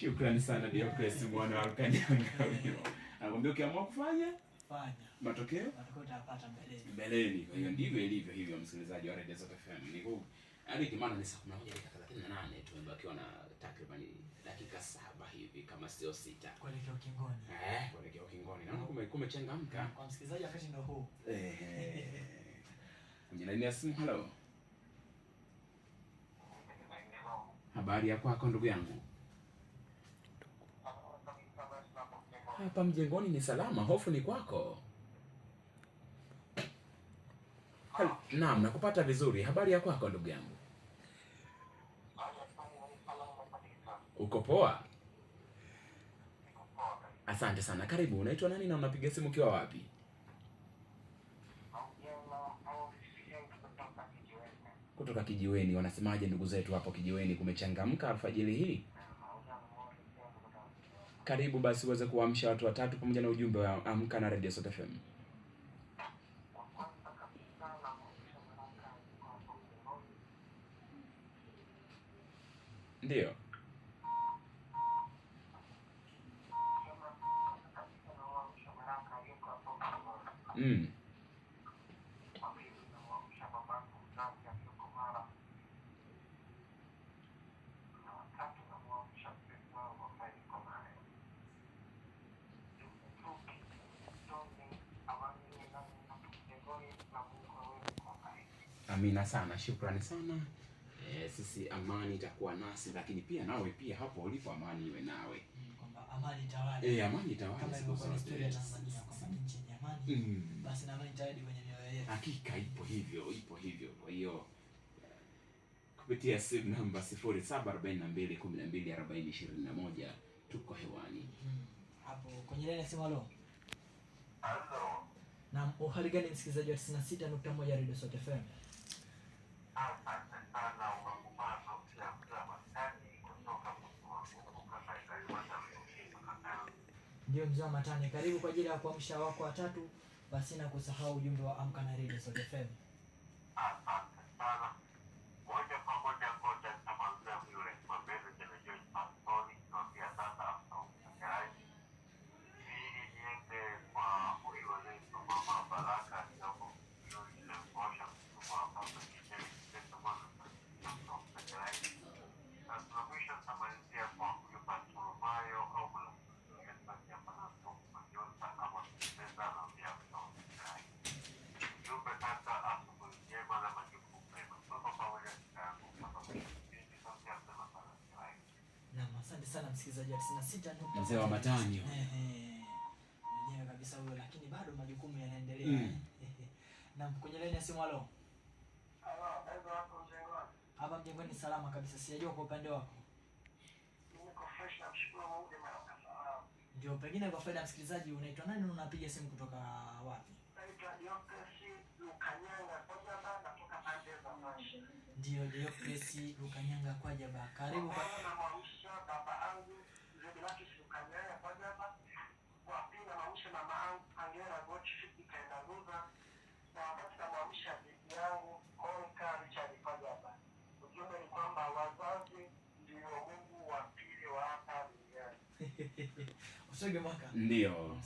Shukrani sana Dear Grace mwana wa Kanyanga. Anakuambia ukiamua kufanya fanya. Matokeo matokeo utapata mbeleni. Mbeleni. Kwa hiyo ndivyo ilivyo hivyo msikilizaji wa Radio Zota FM. Ni huu. Hadi yaani kimana ni saa 11 dakika 38 tumebakiwa na takriban dakika saba hivi kama sio sita. Kuelekea ukingoni. Eh, kuelekea ukingoni. Naona kumbe kumechangamka. Kwa msikilizaji wakati ndio huu. Eh. Kwenye line ya simu, hello. Habari ya kwako ndugu yangu? hapa mjengoni ni salama, hofu ni kwako. Naam, nakupata vizuri. Habari ya kwako ndugu yangu? Uko poa? Asante sana. Karibu, unaitwa nani na unapiga simu ukiwa wapi? Kutoka kijiweni. Wanasemaje ndugu zetu hapo kijiweni? Kumechangamka alfajiri hii? karibu basi uweze kuamsha watu watatu pamoja na ujumbe wa amka na Radio Sauti FM. Ndio. Mm. Amina sana, shukrani sana. E, sisi amani itakuwa nasi, lakini pia nawe pia hapo ulipo amani iwe nawe, mm, kwamba amani itawale. E, amani itawale siku mm. Basi na amani itawale kwenye mioyo yetu. Hakika ipo hivyo, ipo hivyo. Kwa hiyo kupitia simu namba 0742124021 tuko hewani mm, hapo kwenye lile simu. Halo, halo. Na uhali gani msikilizaji wa 96.1 Radio Sauti FM? ndio wa Matane, karibu kwa ajili ya kuamsha wako watatu, basi na kusahau ujumbe wa Amka na Radio Sauti FM. msikilizaji nukta mzee wa matani mwenyewe kabisa huyo, lakini bado majukumu yanaendelea mm. na kwenye laini ya simu, halo hapa mjengoni, salama kabisa. Sijajua kwa upande wako, ndio pengine kwa faida msikilizaji, unaitwa nani na unapiga simu kutoka wapi? Ndio Diocles Lukanyanga Kwajaba, karibu kwa akanyaya mama yangu angera na wakati bibi yangu konka richard ujumbe ni kwamba wazazi ndio mungu wa pili wa hapa duniani ndio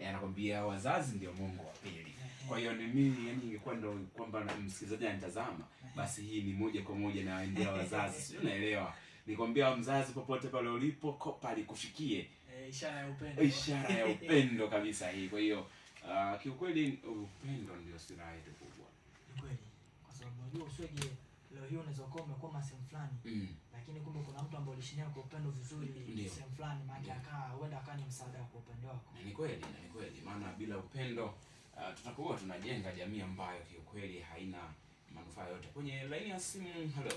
eh, anakwambia wazazi ndio mungu wa pili kwa hiyo ni mimi yani ingekuwa ndo kwamba msikilizaji anitazama basi hii ni moja kwa moja na naendea wazazi sio naelewa nikwambia mzazi, popote pale ulipo, kopa likufikie. E, ishara ya upendo, ishara ya upendo kabisa hii. Kwa hiyo uh, kiukweli upendo ndio silaha yetu kubwa, kweli, kwa sababu unajua usije leo hiyo unaweza kuwa umekuwa sehemu fulani mm. lakini kumbe kuna mtu ambaye ulishinia kwa upendo vizuri sehemu fulani, maana akaa huenda akaa ni msaada kwa upendo wako. Ni kweli, na ni kweli, maana bila upendo uh, tutakuwa tunajenga jamii ambayo kiukweli haina manufaa yote. Kwenye laini ya simu, hello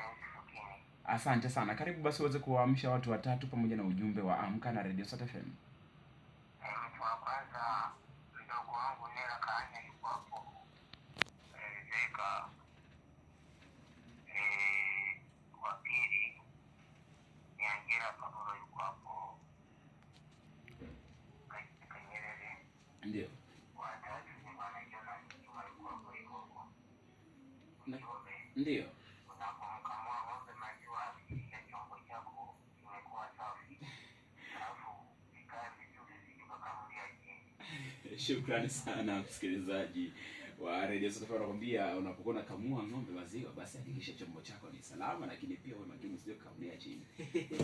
Asante sana, karibu basi uweze kuwaamsha watu watatu pamoja na ujumbe wa amka na Radio Saut FM. Eh, eh, wa Ndio. Shukrani sana msikilizaji wa Radio Sofa, nakwambia unapokuwa unakamua ng'ombe maziwa, basi hakikisha chombo chako ni salama, lakini pia uwe makini sio kukamulia chini.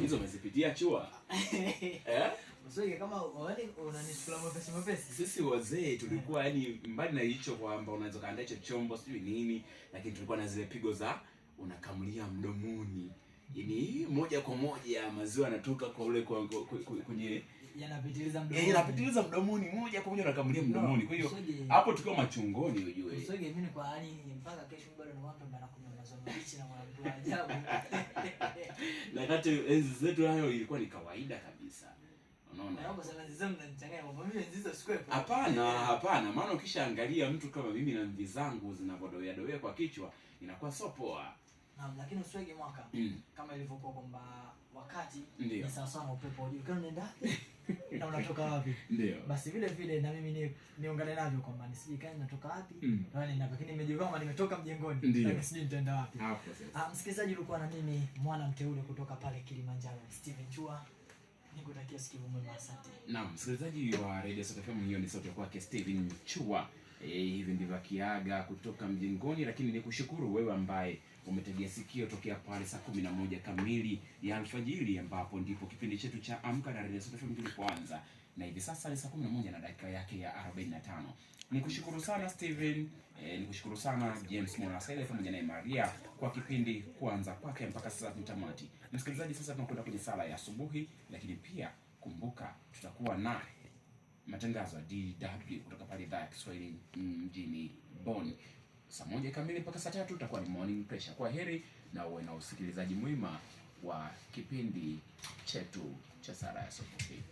Hizo umezipitia chua. Eh? Msoje kama wale unanisukula mapesi mapesi. Sisi wazee tulikuwa yani mbali na hicho kwamba unaweza kaandaa hicho chombo sijui nini, lakini tulikuwa na zile pigo za unakamulia mdomoni. ni moja kwa moja maziwa yanatoka kwa ule kwa, kwenye yanapitiliza mdomoni, eh, yanapitiliza mdomoni moja kwa moja unakamulia mdomoni. Kwa hiyo hapo tukiwa machungoni, ujue Usoge mimi kwa hali mpaka kesho bado ni wapi mbana kunywa mazao bichi na mwanamke ajabu. Na enzi zetu hayo ilikuwa ni kawaida kabisa. Unaona? Naomba sana enzi zangu nanichanganya kwa mimi enzi hizo sikwepo. Hapana, hapana, maana ukishaangalia mtu kama mimi na mvi zangu zinapodoea doea kwa kichwa inakuwa sio poa. Naam, lakini Msoge mwaka mm. kama ilivyokuwa kwamba wakati ni sawa sawa na upepo wa juu. Kana unaenda na unatoka wapi? Ndio. Basi vile vile na mimi ni niungane navyo kwamba nisije kani natoka wapi. Mm. Na wale lakini nimejiwa kama nimetoka mjengoni. Lakini sijui nitaenda wapi. Ah, msikilizaji ulikuwa na mimi mwana mteule kutoka pale Kilimanjaro, Steven Chua. Nikutakia siku njema, asante. Naam, msikilizaji wa Radio Sauti FM, hiyo ni sauti kwake Steven Chua. E, hivi ndivyo akiaga kutoka mjingoni, lakini ni kushukuru wewe ambaye umetegea sikio tokea pale saa kumi na moja kamili ya alfajiri, ambapo ndipo kipindi chetu cha Amka na Redio Sot FM kilipoanza, na hivi sasa ni saa kumi na moja na dakika yake ya 45. Ni kushukuru sana Steven, e, ni kushukuru sana James Monasele pamoja naye Maria kwa kipindi kuanza kwake mpaka sasa tutamati. Msikilizaji, sasa tunakwenda kwenye sala ya asubuhi, lakini pia kumbuka tutakuwa naye matangazo ya DW kutoka pale idhaa ya Kiswahili mm, mjini Bonn. Saa moja kamili mpaka saa tatu utakuwa ni morning pressure. Kwa heri na uwe na usikilizaji mwema wa kipindi chetu cha sara ya Sokofi.